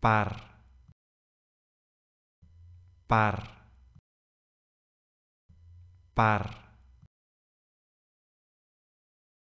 par par par